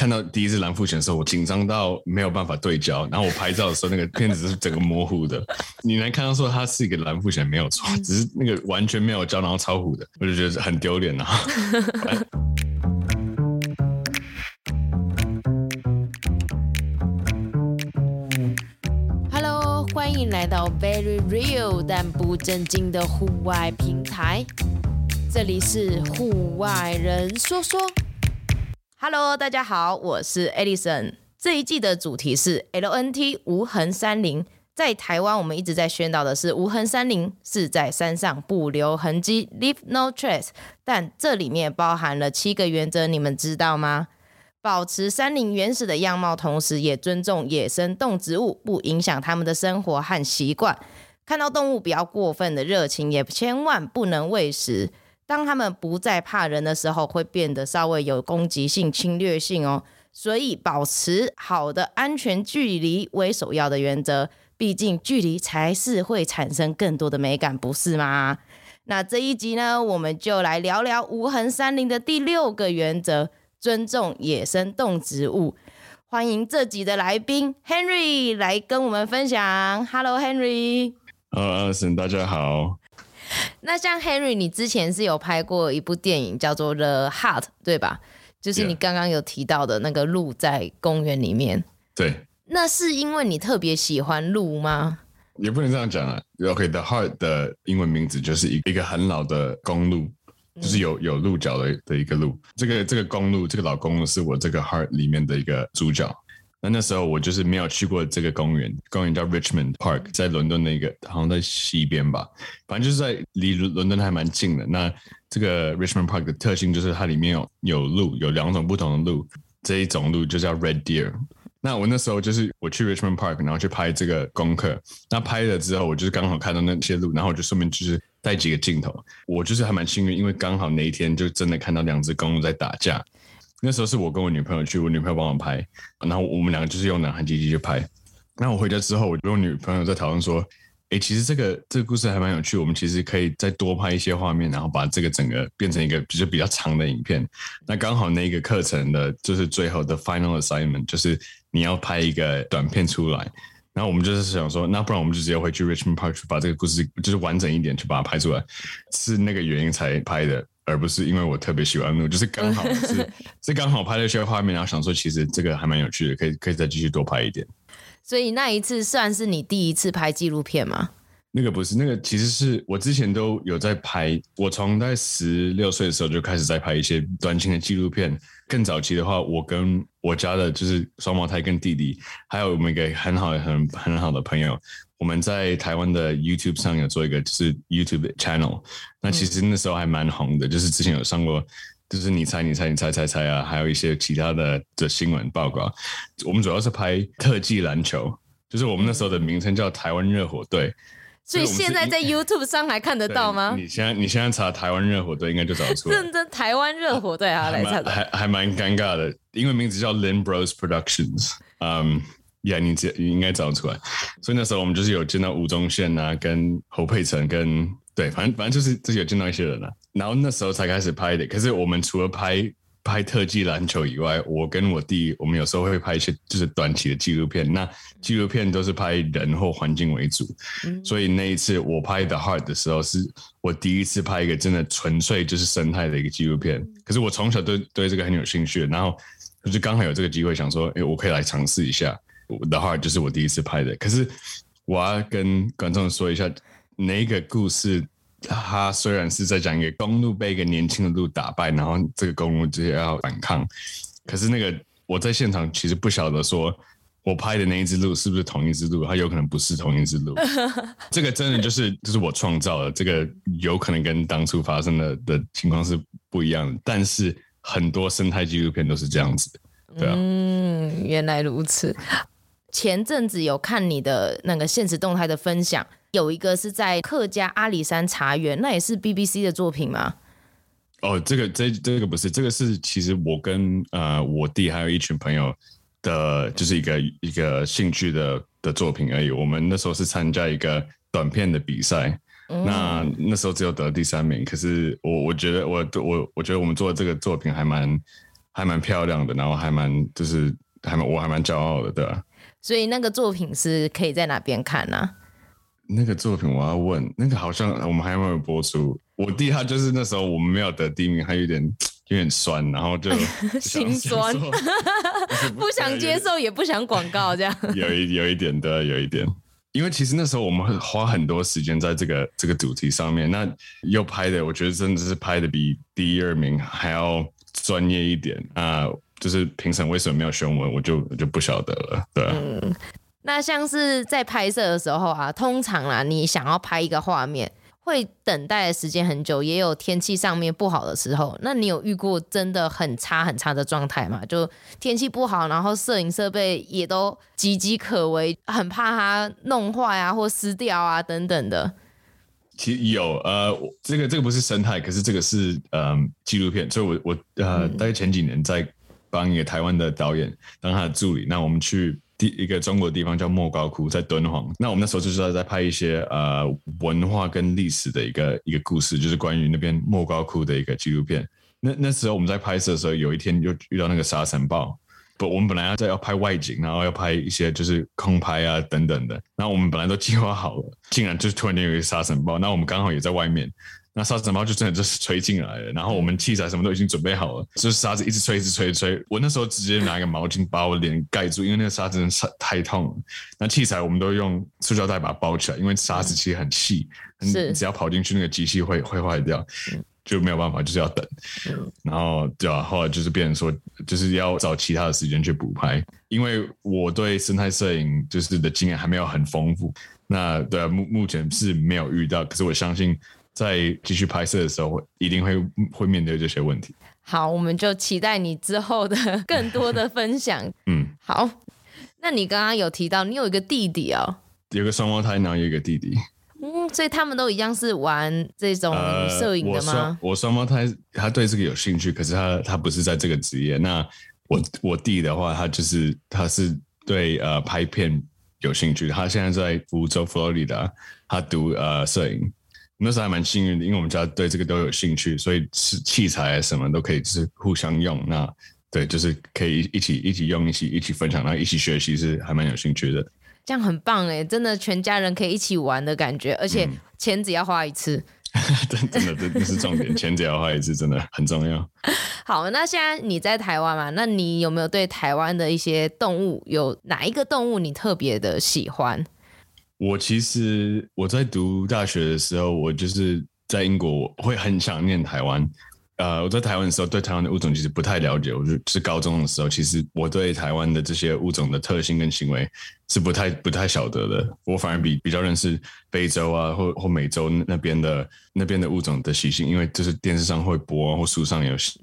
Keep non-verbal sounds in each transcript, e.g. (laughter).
看到第一次藍腹鷴的時候，我緊張到沒有辦法對焦，然後我拍照的時候那個片子是整個模糊的。 (laughs) 你能看到說他是一個藍腹鷴沒有錯、嗯，只是那個完全沒有焦，然後超糊的，我就覺得很丟臉啊。 (laughs) (laughs) Hello，歡迎來到 Very Real 但不正經的戶外平台，這裡是戶外人說說。Hello，大家好，我是 Alyson。這一季的主題是 LNT 無痕山林。在台灣，我們一直在宣導的是無痕山林，是在山上不留痕跡 （leave no trace）。但這裡面包含了七個原則，你們知道嗎？保持山林原始的樣貌，同時也尊重野生動植物，不影響他們的生活和習慣。看到動物不要過分的熱情，也千萬不能餵食。當他們不再怕人的時候，會變得稍微有攻擊性、侵略性哦。所以，保持好的安全距離為首要的原則。畢竟，距離才是會產生更多的美感，不是嗎？那這一集呢，我們就來聊聊無痕山林的第六個原則——尊重野生動植物。歡迎這集的來賓 Henry 來跟我們分享。Hello，Henry。啊大家好。那像 Henry，你之前是有拍過一部電影叫做《The Heart》，對吧？就是你剛剛有提到的那個鹿在公園裡面。對。那是因為你特別喜歡鹿嗎？也不能這樣講啊。OK，《The Heart》的英文名字就是一一個很老的公鹿，嗯、就是有有鹿角的的一個鹿。這個這個公鹿，這個老公鹿是我這個 Heart 裡面的一個主角。那那時候我就是沒有去過這個公園，公園叫 Richmond Park，在倫敦那個，好像在西邊吧，反正就是在離倫敦還蠻近的。那這個 Richmond Park 的特性就是它裡面有有鹿，有兩種不同的鹿，這一種鹿就叫 Red Deer。那我那時候就是我去 Richmond Park，然後去拍這個功課。那拍了之後，我就是剛好看到那些鹿，然後我就順便就是帶幾個鏡頭。我就是還蠻幸運，因為剛好那一天就真的看到兩隻公鹿在打架。那時候是我跟我女朋友去，我女朋友幫我拍，然後我們兩個就是用兩台機器去拍。那我回家之後，我跟我女朋友在討論說，哎，其實這個這個故事還蠻有趣，我們其實可以再多拍一些畫面，然後把這個整個變成一個比較比較長的影片。那剛好那個課程的就是最後的 final assignment，就是你要拍一個短片出來。然後我們就是想說，那不然我們就直接回去 Richmond Park 去把這個故事就是完整一點去把它拍出來，是那個原因才拍的。而不是因為我特別喜歡，錄，就是剛好是 (laughs) 是剛好拍了一些畫面，然後想說其實這個還蠻有趣的，可以可以再繼續多拍一點。所以那一次算是你第一次拍紀錄片嗎？那個不是，那個其實是我之前都有在拍。我從大概十六歲的時候就開始在拍一些短片的紀錄片。更早期的話，我跟我家的就是雙胞胎跟弟弟，還有我們一個很好很、很很好的朋友，我們在台灣的 YouTube 上有做一個就是 YouTube Channel。那其實那時候還蠻紅的，就是之前有上過，就是你猜你猜你猜猜猜啊，還有一些其他的的新聞報告。我們主要是拍特技籃球，就是我們那時候的名稱叫台灣熱火隊。所以，所以現在在 YouTube 上還看得到嗎？你現在你現在查台灣熱火隊應該就找得出來。認 (laughs) 真台灣熱火隊啊，來查查。還還蠻尷尬的，英文名字叫 Lin Bros Productions。嗯，呀，你你應該找得出來。所以那時候我們就是有見到吳宗憲啊，跟侯佩岑，跟對，反正反正就是就是有見到一些人了，啊。然後那時候才開始拍的。可是我們除了拍，拍特技籃球以外，我跟我弟，我們有時候會拍一些就是短期的紀錄片。那紀錄片都是拍人或環境為主，嗯，所以那一次我拍《The Heart》的時候，是我第一次拍一個真的純粹就是生態的一個紀錄片，嗯。可是我從小都對對這個很有興趣，然後就是剛好有這個機會，想說，哎，欸，我可以來嘗試一下，《The Heart》就是我第一次拍的。可是我要跟觀眾說一下，哪一個故事？他雖然是在講一個公鹿，被一個年輕的鹿打敗，然後這個公鹿就要反抗。可是那個我在現場其實不曉得說，我拍的那一隻鹿是不是同一隻鹿？它有可能不是同一隻鹿。這個真的就是就是我創造的，這個有可能跟當初發生的的情況是不一樣的。但是很多生態紀錄片都是這樣子，對啊。嗯，原來如此。前陣子有看你的那個限時動態的分享，有一個是在客家阿里山茶園，那也是 BBC 的作品嗎？哦，這個這這個不是，這個是其實我跟啊、呃、我弟還有一群朋友的，就是一個一個興趣的的作品而已。我們那時候是參加一個短片的比賽，嗯、那那時候只有得了第三名。可是我我覺得我我我覺得我們做的這個作品還蠻還蠻漂亮的，然後還蠻就是還蠻我還蠻驕傲的，對吧？所以那個作品是可以在哪邊看呢？啊？那個作品我要問，那個好像我們還沒有播出。我弟他就是那時候我們沒有得第一名，還有點有點酸，然後就 (laughs) 心酸，想 (laughs) 不想接受也不想廣告這樣。 (laughs) 有一有一點對、啊，有一點，因為其實那時候我們花很多時間在這個這個主題上面，那又拍的，我覺得真的是拍的比第二名還要專業一點啊。呃就是評審為什麼沒有選我，我就就不曉得了。對、啊、嗯，那像是在拍攝的時候啊，通常啦、啊，你想要拍一個畫面，會等待的時間很久，也有天氣上面不好的時候。那你有遇過真的很差很差的狀態嘛？就天氣不好，然後攝影設備也都岌岌可危，很怕它弄壞啊，或撕掉啊等等的。其實有呃，這個這個不是生態，可是這個是嗯紀錄片，所以我我呃，大概前幾年在、嗯。幫一個台灣的導演當他的助理，那我們去第一個中國的地方叫莫高窟，在敦煌。那我們那時候就是在拍一些呃文化跟歷史的一個一個故事，就是關於那邊莫高窟的一個紀錄片。那那時候我們在拍攝的時候，有一天就遇到那個沙塵暴。不，我們本來要在要拍外景，然後要拍一些就是空拍啊等等的。那我們本來都計劃好了，竟然就突然間有一個沙塵暴。那我們剛好也在外面。那沙塵暴就真的就是吹進來了，然後我們器材什麼都已經準備好了，嗯、就是沙子一直吹，一直吹，吹。我那時候直接拿一個毛巾把我臉蓋住，因為那個沙子真的太痛了。那器材我們都用塑膠袋把它包起來，因為沙子其實很細，你只要跑進去，那個機器會會壞掉，就沒有辦法，就是要等。嗯、然後對啊，後來就是變成說，就是要找其他的時間去補拍，因為我對生態攝影就是的經驗還沒有很豐富。那對啊，目目前是沒有遇到，可是我相信。在繼續拍攝的時候，一定會會面對這些問題。好，我們就期待你之後的更多的分享。 (laughs) 嗯，好。那你剛剛有提到你有一個弟弟哦，有個雙胞胎，然後有一個弟弟。嗯，所以他們都一樣是玩這種攝影的嗎？呃、我雙我雙胞胎，他對這個有興趣，可是他他不是在這個職業。那我我弟的話，他就是他是對呃拍片有興趣，他現在在佛州，佛羅里達，他讀呃攝影。那時候還蠻幸運的，因為我們家對這個都有興趣，所以是器材什麼都可以，就是互相用。那對，就是可以一起一起用，一起一起分享，然後一起學習，是還蠻有興趣的。這樣很棒哎、欸，真的全家人可以一起玩的感覺，而且錢只要花一次。嗯、 (laughs) 真的，真的是重點， (laughs) 錢只要花一次真的很重要。好，那現在你在台灣嘛？那你有沒有對台灣的一些動物有哪一個動物你特別的喜歡？我其實我在讀大學的時候，我就是在英國，我會很想念台灣。呃，我在台灣的時候，對台灣的物種其實不太了解。我就是高中的時候，其實我對台灣的這些物種的特性跟行為是不太不太曉得的。我反而比比較認識非洲啊，或或美洲那邊的那邊的物種的習性，因為就是電視上會播，或書上有寫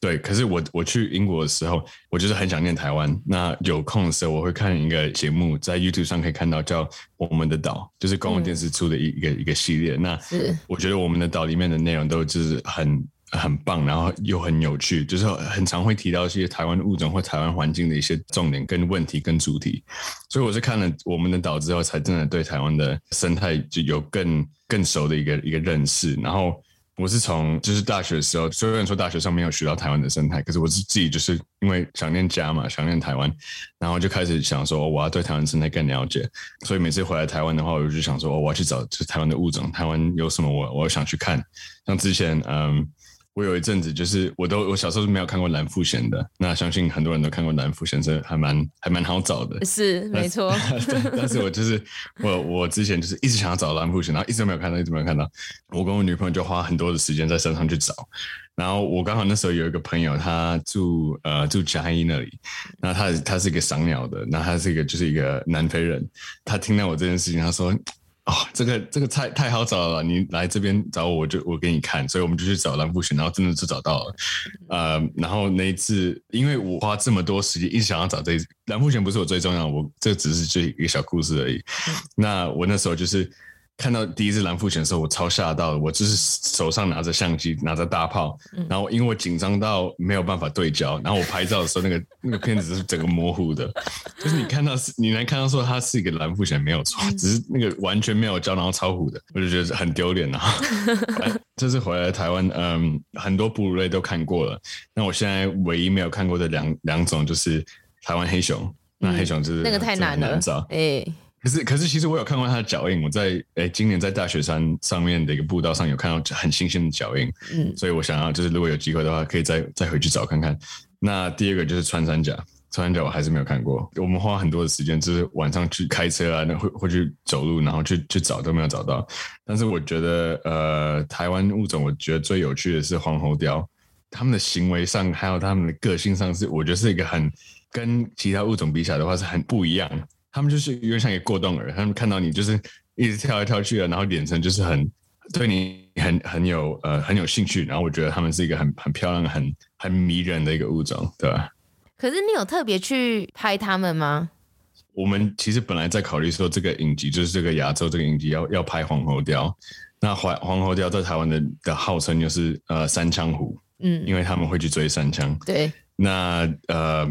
對，可是我我去英國的時候，我就是很想念台灣。那有空的時候，我會看一個節目，在 YouTube 上可以看到，叫《我們的島》，就是公共電視出的一一個、嗯、一個系列。那我覺得《我們的島》裡面的內容都就是很很棒，然後又很有趣，就是很常會提到一些台灣物種或台灣環境的一些重點跟問題跟主題。所以我是看了《我們的島》之後，才真的對台灣的生態就有更更熟的一個一個認識，然後。我是從就是大學的時候，雖然說大學上沒有學到台灣的生態，可是我是自己就是因為想念家嘛，想念台灣，然後就開始想說、哦，我要對台灣生態更了解，所以每次回來台灣的話，我就想說，哦、我要去找就是台灣的物種，台灣有什麼我我想去看，像之前嗯。我有一陣子就是，我都我小時候是沒有看過藍腹鷴的。那相信很多人都看過藍腹鷴，這還蠻還蠻好找的。是，沒錯。但是， (laughs) 但是我就是我我之前就是一直想要找藍腹鷴，然後一直都沒有看到，一直沒有看到。我跟我女朋友就花很多的時間在山上去找。然後我剛好那時候有一個朋友，他住呃住嘉義那裡，那他他是一個賞鳥的，那他是一個就是一個南非人，他聽到我這件事情，他說。哦，這個這個太太好找了，你來這邊找我，我就我給你看，所以我們就去找藍腹鷴，然後真的就找到了，呃、嗯，然後那一次，因為我花這麼多時間一直想要找這一藍腹鷴，不是我最重要，我這只是這一個小故事而已。那我那時候就是。看到第一只藍腹鷴的時候，我超嚇到的。我就是手上拿着相機，拿着大炮，然後因為我緊張到沒有辦法對焦，嗯、然後我拍照的時候，那個 (laughs) 那個片子是整個模糊的。就是你看到，你能看到說它是一個藍腹鷴沒有錯、嗯，只是那個完全沒有焦，然後超糊的。我就覺得很丟臉啊。這次回來台灣，嗯，很多哺乳類都看過了。那我現在唯一沒有看過的兩兩種就是台灣黑熊。那黑熊就是、嗯、那個太難了，很難找。欸可是，可是，其實我有看過它的腳印。我在哎，今年在大雪山上面的一個步道上有看到很新鮮的腳印，嗯，所以我想要就是如果有機會的話，可以再再回去找看看。那第二個就是穿山甲，穿山甲我還是沒有看過。我們花很多的時間，就是晚上去開車啊，那會會去走路，然後去去找，都沒有找到。但是我覺得，呃，台灣物種，我覺得最有趣的是黃喉貂，他們的行為上還有他們的個性上，是我覺得是一個很跟其他物種比起來的話是很不一樣。他們就是有點像一個過動兒，他們看到你就是一直跳來跳去的，然後臉上就是很對你很很有呃很有興趣，然後我覺得他們是一個很很漂亮，很很迷人的一個物種，對吧？可是你有特別去拍他們嗎？我們其實本來在考慮說這個影集就是這個亞洲這個影集要要拍黃喉貂，那黃黃喉貂在台灣的的號稱就是呃山羌虎，嗯，因為他們會去追山羌。對，那呃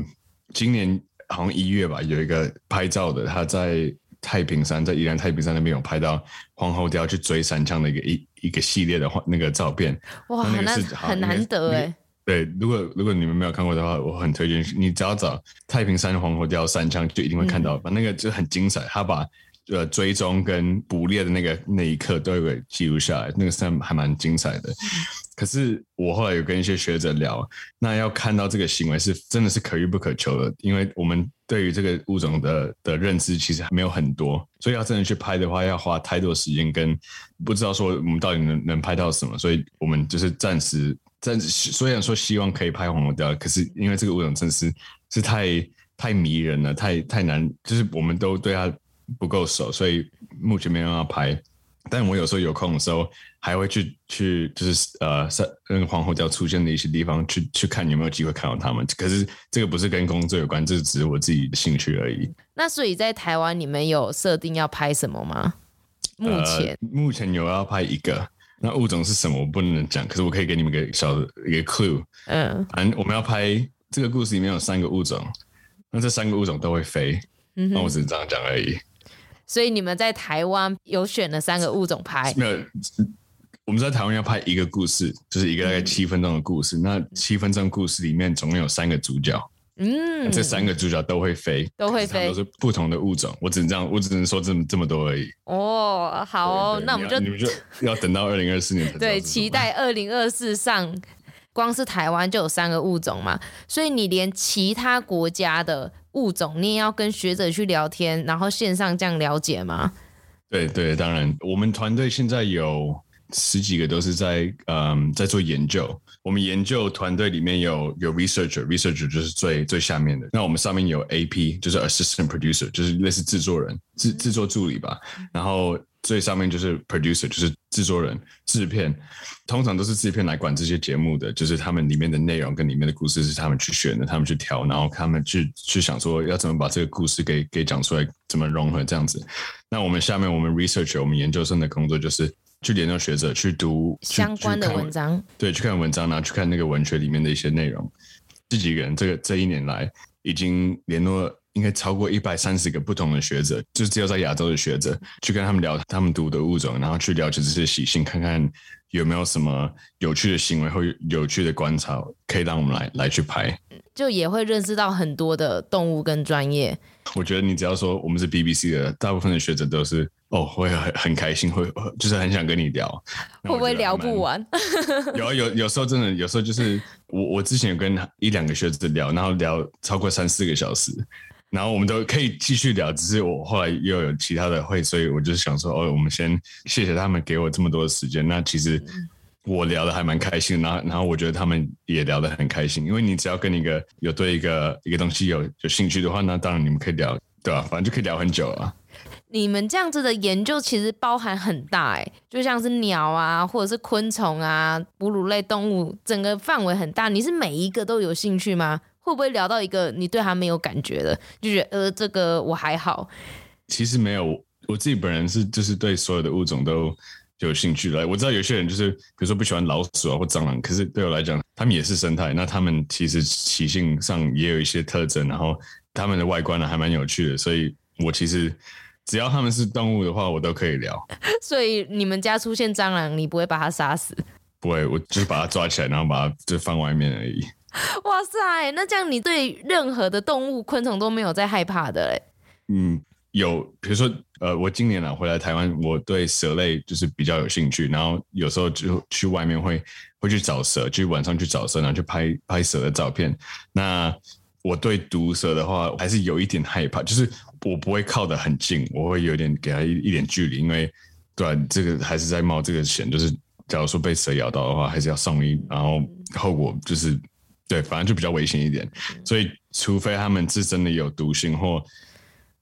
今年。好像一月吧，有一個拍照的，他在太平山，在宜蘭太平山那邊有拍到黃喉貂去追山羌的一個一一個系列的畫那個照片。哇，那，那是那很難得哎，啊，那個。對，如果如果你們沒有看過的話，我很推薦你只要找太平山黃喉貂山羌，就一定會看到。把、嗯、那個就很精彩，他把呃追蹤跟捕獵的那個那一刻都有給記錄下來，那個山還蠻精彩的。嗯可是我後來有跟一些學者聊，那要看到這個行為是真的是可遇不可求的，因為我們對於這個物種的的認知其實還沒有很多，所以要真的去拍的話，要花太多時間，跟不知道說我們到底能能拍到什麼，所以我們就是暫時暫時，雖然說希望可以拍黃喉貂，可是因為這個物種真的是是太太迷人了，太太難，就是我們都對它不夠熟，所以目前沒辦法拍。但我有時候有空的時候，還會去去就是呃，那個黃喉貂出現的一些地方去去看有沒有機會看到它們。可是這個不是跟工作有關，這只是我自己的興趣而已。那所以在台灣，你們有設定要拍什麼嗎？目前、呃、目前有要拍一個，那物種是什麼我不能講，可是我可以給你們一個小一個 clue。嗯，反正我們要拍這個故事裡面有三個物種，那這三個物種都會飛。嗯哼，那我只是這樣講而已。所以你們在台灣有選了三個物種拍？沒有，我們在台灣要拍一個故事，就是一個大概七分鐘的故事。那七分鐘故事裡面總共有三個主角，嗯，這三個主角都會飛，都會飛，是都是不同的物種。我只能這樣，我只能說這麼這麼多而已。哦，好哦，對對對，那我們就，你，你們就要等到二零二四年對，期待二零二四上。光是台灣就有三個物種嘛，所以你連其他國家的物種，你也要跟學者去聊天，然後線上這樣了解嗎？對對，當然，我們團隊現在有十幾個都是在嗯，在做研究。我們研究團隊裡面有有 researcher，researcher 就是最最下面的。那我們上面有 AP，就是 assistant producer，就是類似製作人、製製作助理吧。然後最上面就是 producer，就是。製作人、製片，通常都是製片來管這些節目的，就是他們裡面的內容跟裡面的故事是他們去選的，他們去調，然後他們去去想說要怎麼把這個故事給給講出來，怎麼融合這樣子。那我們下面我們 research 我們研究生的工作就是去聯絡學者，去讀去相關的文章，對，去看文章，然後去看那個文學裡面的一些內容。自己一個人，這個這一年來已經聯絡。應該超過一百三十個不同的學者，就只有在亞洲的學者、嗯，去跟他們聊他們讀的物種，然後去了解這些習性，看看有沒有什麼有趣的行為或有趣的觀察，可以讓我們來來去拍，就也會認識到很多的動物跟專業。我覺得你只要說我們是 BBC 的，大部分的學者都是哦，會很很開心，會就是很想跟你聊，會不會聊不完？ (laughs) 有有有時候真的有時候就是我我之前有跟一兩個學者聊，然後聊超過三四個小時。然後我們都可以繼續聊，只是我後來又有其他的會，所以我就想說，哦，我們先謝謝他們給我這麼多的時間。那其實我聊得還蠻開心，然後然後我覺得他們也聊得很開心，因為你只要跟一個有對一個一個東西有有興趣的話，那當然你們可以聊，對吧？反正就可以聊很久啊。你們這樣子的研究其實包含很大欸，就像是鳥啊，或者是昆蟲啊，哺乳類動物，整個範圍很大。你是每一個都有興趣嗎？會不會聊到一個你對它沒有感覺的，就覺得呃，這個我還好。其實沒有，我自己本人是就是對所有的物種都有興趣來，我知道有些人就是比如說不喜歡老鼠啊或蟑螂，可是對我來講，他們也是生態，那他們其實習性上也有一些特徵，然後他們的外觀呢還蠻有趣的，所以我其實。只要他們是動物的話，我都可以聊。所以你們家出現蟑螂，你不會把它殺死？不會，我就是把它抓起來， (laughs) 然後把它就放外面而已。哇塞，那這樣你對任何的動物、昆蟲都沒有在害怕的欸？嘞？嗯，有，比如說，呃，我今年啊回來台灣，我對蛇類就是比較有興趣，然後有時候就去外面會會去找蛇，就晚上去找蛇，然後去拍拍蛇的照片。那我對毒蛇的話，還是有一點害怕，就是。我不會靠得很近，我會有點給他一一點距離，因為，對啊，這個還是在冒這個險，就是假如說被蛇咬到的話，還是要送醫，然後後果就是對，反正就比較危險一點。所以，除非他們是真的有毒性或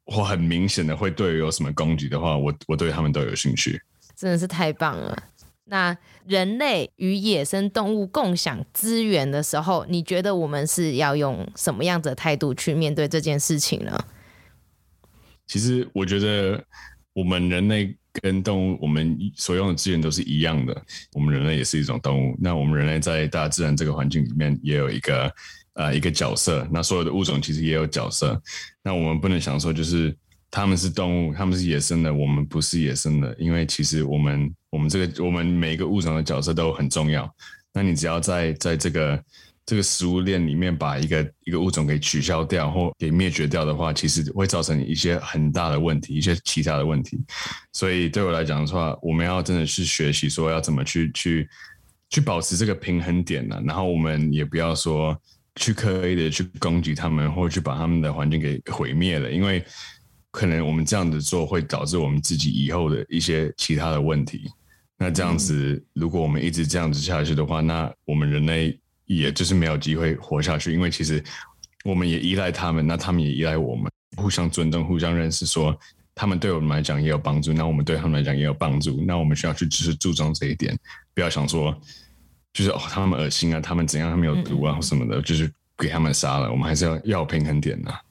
或很明顯的會對有什麼攻擊的話，我我對他們都有興趣。真的是太棒了！那人類與野生動物共享資源的時候，你覺得我們是要用什麼樣子的態度去面對這件事情呢？其實我覺得，我們人類跟動物，我們所用的資源都是一樣的。我們人類也是一種動物，那我們人類在大自然這個環境裡面也有一個，呃，一個角色。那所有的物種其實也有角色。那我們不能想說，就是他們是動物，他們是野生的，我們不是野生的。因為其實我們，我們這個，我們每一個物種的角色都很重要。那你只要在在這個。這個食物鏈裡面，把一個一個物種給取消掉或給滅絕掉的話，其實會造成一些很大的問題，一些其他的問題。所以對我來講的話，我們要真的去學習，說要怎麼去去去保持這個平衡點呢、啊？然後我們也不要說去刻意的去攻擊他們，或去把他們的環境給毀滅了，因為可能我們這樣子做會導致我們自己以後的一些其他的問題。那這樣子，嗯、如果我們一直這樣子下去的話，那我們人類。也就是沒有機會活下去，因為其實我們也依賴他們，那他們也依賴我們，互相尊重、互相認識說，說他們對我們來講也有幫助，那我們對他們來講也有幫助，那我們需要去就是注重這一點，不要想說就是、哦、他們噁心啊，他們怎樣，他們有毒啊，或什麼的嗯嗯嗯，就是給他們殺了，我們還是要要有平衡點吶、啊，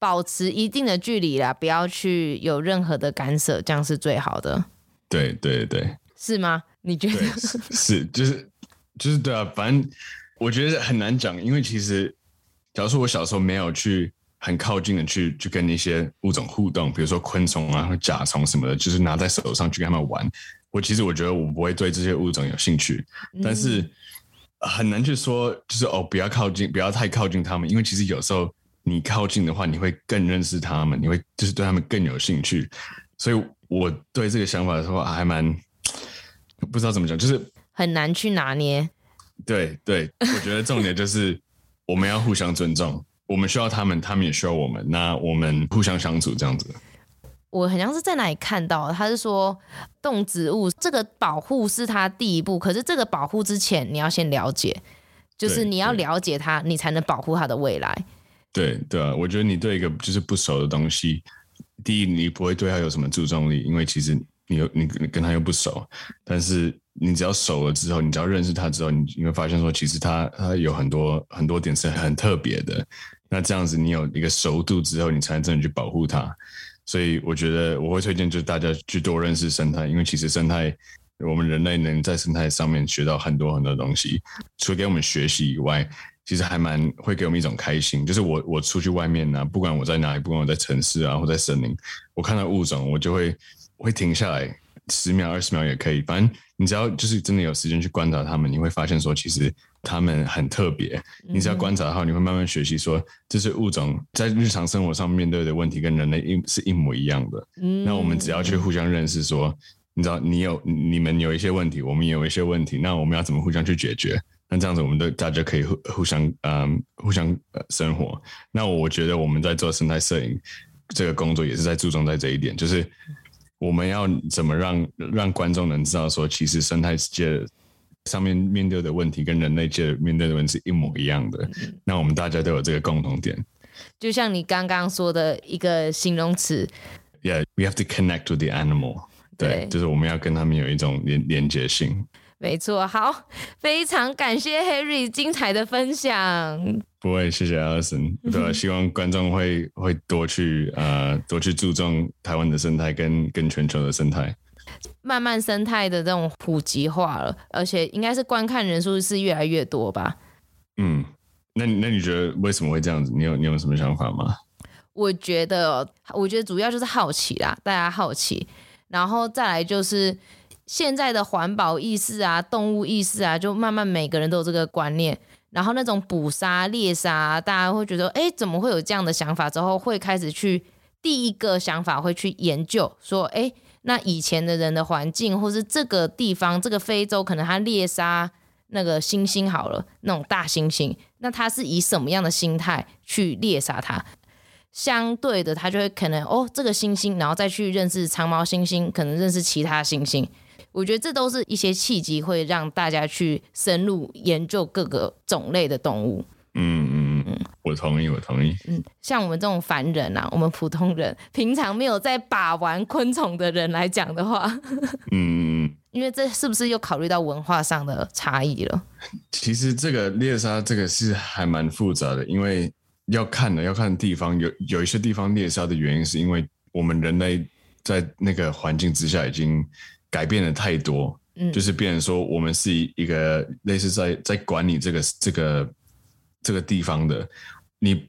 保持一定的距離啦，不要去有任何的干涉，這樣是最好的。對對對，是嗎？你覺得是，是就是就是對啊，反正。我覺得很難講，因為其實，假如說我小時候沒有去很靠近的去去跟那些物種互動，比如說昆蟲啊、甲蟲什麼的，就是拿在手上去跟他們玩，我其實我覺得我不會對這些物種有興趣。但是很難去說，就是哦，不要靠近，不要太靠近他們，因為其實有時候你靠近的話，你會更認識他們，你會就是對他們更有興趣。所以我對這個想法的時候還蠻不知道怎麼講，就是很難去拿捏。對對，我覺得重點就是我們要互相尊重， (laughs) 我們需要他們，他們也需要我們，那我們互相相處這樣子。我很像是在哪裡看到，他是說動植物這個保護是他第一步，可是這個保護之前，你要先了解，就是你要了解它，你才能保護它的未來。對，對啊，我覺得你對一個就是不熟的東西，第一你不會對它有什麼注重力，因為其實你又你跟它又不熟，但是。你只要熟了之後，你只要認識它之後，你你會發現說，其實它它有很多很多點是很特別的。那這樣子，你有一個熟度之後，你才能真的去保護它。所以，我覺得我會推薦就是大家去多認識生態，因為其實生態，我們人類能在生態上面學到很多很多東西。除了給我們學習以外，其實還蠻會給我們一種開心。就是我我出去外面呢、啊，不管我在哪裡，不管我在城市啊，或在森林，我看到物種，我就會我會停下來十秒、二十秒也可以，反正。你只要就是真的有時間去觀察他們，你會發現說，其實他們很特別。你只要觀察的話，你會慢慢學習說，這些物種在日常生活上面對的問題跟人類一是一模一樣的。那我們只要去互相認識，說，你知道你有你們有一些問題，我們也有一些問題，那我們要怎麼互相去解決？那這樣子，我們都大家可以互互相嗯、呃、互相生活。那我覺得我們在做生態攝影這個工作，也是在注重在這一點，就是。我們要怎麼讓讓觀眾能知道說，其實生態世界上面面對的問題跟人類界面對的問題是一模一樣的，嗯？那我們大家都有這個共同點。就像你剛剛說的一個形容詞，Yeah，we have to connect to the animal 對。對，就是我們要跟他們有一種連接性。沒錯，好，非常感謝 Henry 精彩的分享。不會，謝謝 Alyson。對，希望觀眾會、嗯、會多去啊、呃，多去注重台灣的生態跟跟全球的生態。慢慢生態的這種普及化了，而且應該是觀看人數是越來越多吧。嗯，那那你覺得為什麼會這樣子？你有你有什麼想法嗎？我覺得，我覺得主要就是好奇啦，大家好奇，然後再來就是現在的環保意識啊、動物意識啊，就慢慢每個人都有這個觀念。然後那種捕殺獵殺，大家會覺得，哎，怎麼會有這樣的想法？之後會開始去第一個想法會去研究，說，哎，那以前的人的環境，或是這個地方，這個非洲，可能他獵殺那個猩猩好了，那種大猩猩，那他是以什麼樣的心態去獵殺它？相對的，他就會可能哦，這個猩猩，然後再去認識長毛猩猩，可能認識其他猩猩。我覺得這都是一些契機，會讓大家去深入研究各個種類的動物。嗯嗯嗯，我同意，我同意。嗯，像我們這種凡人啊，我們普通人平常沒有在把玩昆蟲的人來講的話， (laughs) 嗯，因為這是不是又考慮到文化上的差異了？其實這個獵殺這個是還蠻複雜的，因為要看的要看地方，有有一些地方獵殺的原因是因為我們人類在那個環境之下已經。改變的太多，嗯，就是變成說我們是一一個類似在在管理這個這個這個地方的，你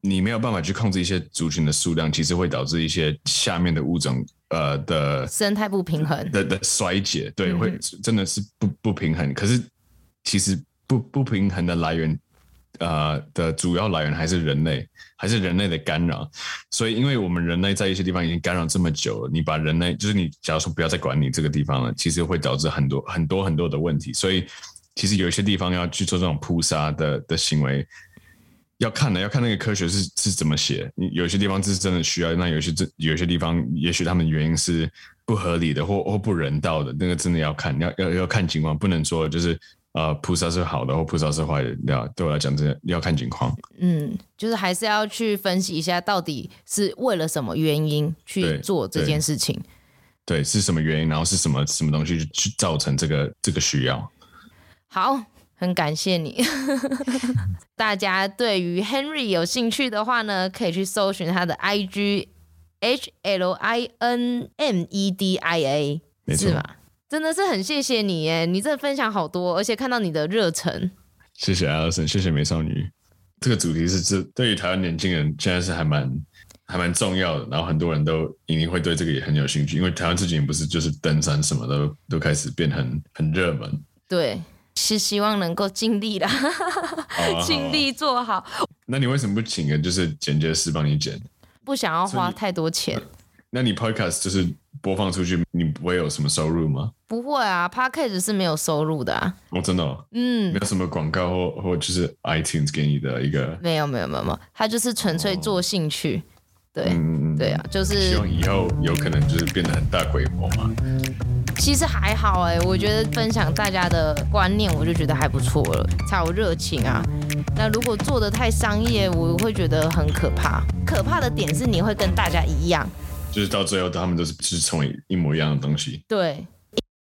你沒有辦法去控制一些族群的數量，其實會導致一些下面的物種呃的生態不平衡的的，的衰竭，對，會真的是不不平衡，嗯。可是其實不不平衡的來源。呃，的主要來源還是人類，還是人類的干擾。所以，因為我們人類在一些地方已經干擾這麼久了，你把人類就是你，假如說不要再管你這個地方了，其實會導致很多很多很多的問題。所以，其實有一些地方要去做這種撲殺的的行為，要看的要看那個科學是是怎麼寫。有些地方這是真的需要，那有些有些地方也許他們原因是不合理的或或不人道的，那個真的要看，要要要看情況，不能說就是。呃，菩薩是好的，或菩薩是壞的啊？對我來講這，這要看情況。嗯，就是還是要去分析一下，到底是為了什麼原因去做這件事情？對，對對是什麼原因？然後是什麼什麼東西去造成這個這個需要？好，很感謝你。 (laughs) 大家對於 Henry 有興趣的話呢，可以去搜尋他的 IG H L I N M E D I A，沒錯？是嗎？真的是很謝謝你耶！你這分享好多，而且看到你的熱忱，謝謝 Alyson，謝謝美少女。這個主題是這對於台灣年輕人現在是還蠻還蠻重要的，然後很多人都一定會對這個也很有興趣，因為台灣最近不是就是登山什麼都都開始變很很熱門。對，是希望能夠盡力啦，盡 (laughs) 力做好，哦好啊。那你為什麼不請個就是剪輯師幫你剪？不想要花太多錢。呃、那你 Podcast 就是？播放出去，你不會有什麼收入嗎？不會啊，Podcast 是沒有收入的啊。我、哦、真的、哦，嗯，沒有什麼廣告或或就是 iTunes 給你的一個，沒有沒有沒有沒有，他就是純粹做興趣。哦、對、嗯、對啊，就是希望以後有可能就是變得很大規模嘛。其實還好哎、欸，我覺得分享大家的觀念，我就覺得還不錯了，超熱情啊。那如果做得太商業，我會覺得很可怕。可怕的點是你會跟大家一樣。就是到最後，他們都是成為一模一樣的東西。對。